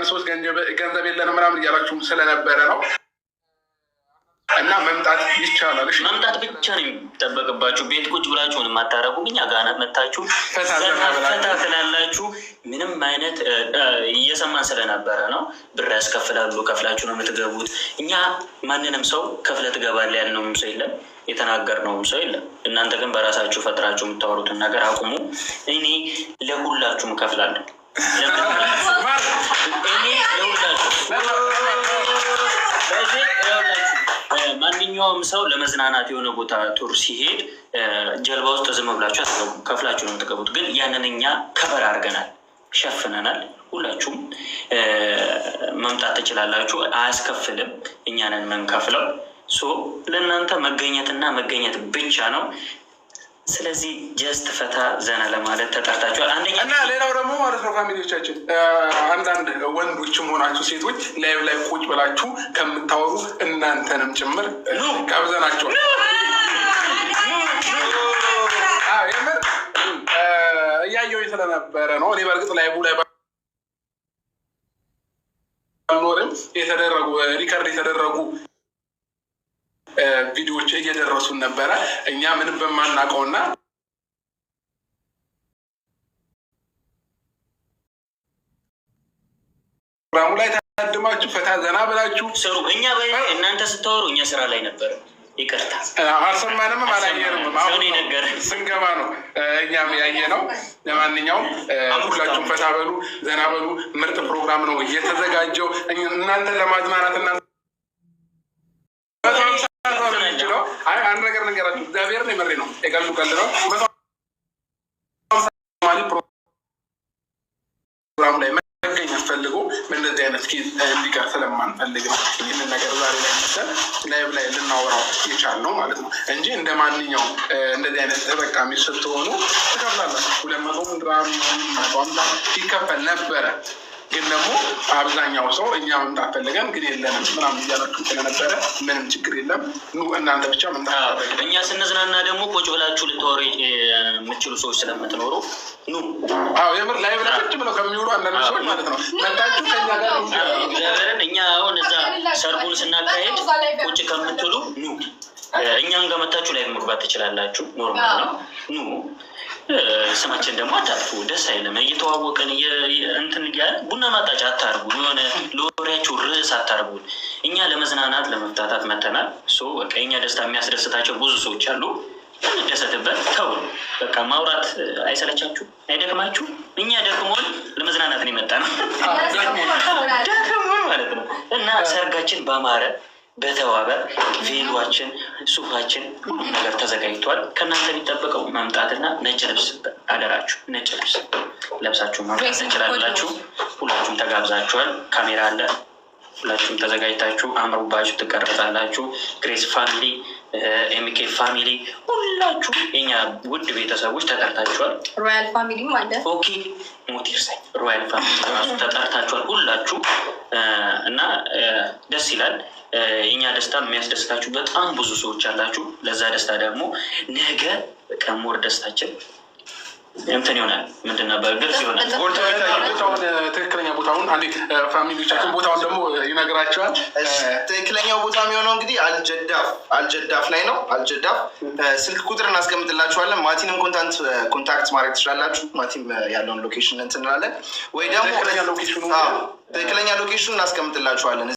አንዳንድ ሰዎች ገንዘብ የለን ምናምን እያላችሁ ስለነበረ ነው እና መምጣት ይቻላል። መምጣት ብቻ ነው የሚጠበቅባችሁ። ቤት ቁጭ ብላችሁን የማታረጉ እኛ ጋር መታችሁ ፈታ ስላላችሁ ምንም አይነት እየሰማን ስለነበረ ነው። ብር ያስከፍላሉ፣ ከፍላችሁ ነው የምትገቡት። እኛ ማንንም ሰው ከፍለ ትገባለ ያልነውም ሰው የለም፣ የተናገርነውም ሰው የለም። እናንተ ግን በራሳችሁ ፈጥራችሁ የምታወሩትን ነገር አቁሙ። እኔ ለሁላችሁም ከፍላለሁ ማንኛውም ሰው ለመዝናናት የሆነ ቦታ ቱር ሲሄድ ጀልባ ውስጥ ዝም ብላችሁ አትገቡም፣ ከፍላችሁ ነው የምትገቡት። ግን ያንን እኛ ከበር አድርገናል፣ ሸፍነናል። ሁላችሁም መምጣት ትችላላችሁ፣ አያስከፍልም። እኛንን የምንከፍለው ሶ ለእናንተ መገኘትና መገኘት ብቻ ነው። ስለዚህ ጀስት ፈታ ዘና ለማለት ተጠርታችኋል። አንደኛ እና ሌላው ደግሞ ማለት ነው ፋሚሊዎቻችን፣ አንዳንድ ወንዶች መሆናችሁ ሴቶች ላይ ላይ ቁጭ ብላችሁ ከምታወሩ እናንተንም ጭምር ጋብዘናችኋል። እያየው ስለነበረ ነው እኔ በእርግጥ ላይ ላይ ባልኖርም የተደረጉ ሪከርድ የተደረጉ ቪዲዮዎች እየደረሱን ነበረ እኛ ምንም በማናውቀውና ፕሮግራሙ ላይ ታድማችሁ ፈታ ዘና ብላችሁ ሰሩ። እኛ እናንተ ስታወሩ እኛ ስራ ላይ ነበር። ይቅርታ አልሰማንም፣ አላየንም። አሁን ስንገባ ነው እኛም ያየ ነው። ለማንኛውም ሁላችሁም ፈታ በሉ፣ ዘና በሉ። ምርጥ ፕሮግራም ነው እየተዘጋጀው እናንተን ለማዝናናት አንድ ነገር ነገራችሁ። እግዚአብሔር ነው የመሬ ነው የቀሉ ቀል ነው ፕሮግራም ላይ መገኘት ፈልጎ በእንደዚህ አይነት ኬዝ እንዲቀር ስለማንፈልግ ነው ይህንን ነገር ዛሬ ላይ መሰል ላይቭ ላይ ልናወራው የቻልነው ማለት ነው እንጂ እንደ ማንኛውም እንደዚህ አይነት ተጠቃሚ ስትሆኑ ትከፍላላችሁ። ሁለት መቶ ድራም ይከፈል ነበረ። ግን ደግሞ አብዛኛው ሰው እኛ መምጣት ፈልገን ግን የለንም ምናምን እያመጡ ስለነበረ ምንም ችግር የለም እናንተ ብቻ እኛ ስንዝናና ደግሞ ቁጭ ብላችሁ ልታወሩ የምችሉ ሰዎች ስለምትኖሩ ኑ የምር ላይ ብላ ቁጭ ብለው ከሚውሉ አንዳንድ ሰዎች ማለት ነው መታችሁ ከኛ ጋር እግዚአብሔርን እኛ አሁን እዛ ሰርጉን ስናካሄድ ቁጭ ከምትሉ ኑ እኛን ጋር መታችሁ ላይ መግባት ትችላላችሁ። ኖርማል ነው። ኑ ስማችን ደግሞ አታጥፉ። ደስ አይልም። እየተዋወቀን እንትን እያለ ቡና ማጣጫ አታርጉ። የሆነ ለወሬያችሁ ርዕስ አታርጉን። እኛ ለመዝናናት ለመፍታታት መተናል። በቃ እኛ ደስታ የሚያስደስታቸው ብዙ ሰዎች አሉ። እንደሰትበት ተው። በቃ ማውራት አይሰለቻችሁ? አይደክማችሁ? እኛ ደክሞን ለመዝናናት ነው የመጣ ነው። ደክሞን ማለት ነው እና ሰርጋችን በአማረ በተዋበ ቬሏችን፣ ሱፋችን፣ ሁሉም ነገር ተዘጋጅቷል። ከእናንተ የሚጠበቀው መምጣትና ነጭ ልብስ አደራችሁ፣ ነጭ ልብስ ለብሳችሁ ማምጣት እንችላላችሁ። ሁላችሁም ተጋብዛችኋል። ካሜራ አለ። ሁላችሁም ተዘጋጅታችሁ አምሮባችሁ ትቀረጻላችሁ። ግሬስ ፋሚሊ ኤምኬ ፋሚሊ ሁላችሁ የኛ ውድ ቤተሰቦች ተጠርታችኋል። ሮያል ፋሚሊ አለ። ኦኬ ሳይ ሮያል ፋሚሊ ራሱ ተጠርታችኋል ሁላችሁ እና ደስ ይላል። የኛ ደስታ የሚያስደስታችሁ በጣም ብዙ ሰዎች አላችሁ። ለዛ ደስታ ደግሞ ነገ ከሞር ደስታችን እንትን ይሆናል ምንድን ነበር ግልጽ ይሆናል። ትክክለኛ ቦታውን አንዴ ፋሚሊዎቻችን ቦታውን ደግሞ ይነግራቸዋል። ትክክለኛው ቦታ የሚሆነው እንግዲህ አልጀዳፍ አልጀዳፍ ላይ ነው። አልጀዳፍ ስልክ ቁጥር እናስቀምጥላችኋለን። ማቲንም ኮንታንት ኮንታክት ማድረግ ትችላላችሁ። ማቲም ያለውን ሎኬሽን እንትን እንላለን ወይ ደግሞ ትክክለኛ ሎኬሽኑ እናስቀምጥላችኋለን።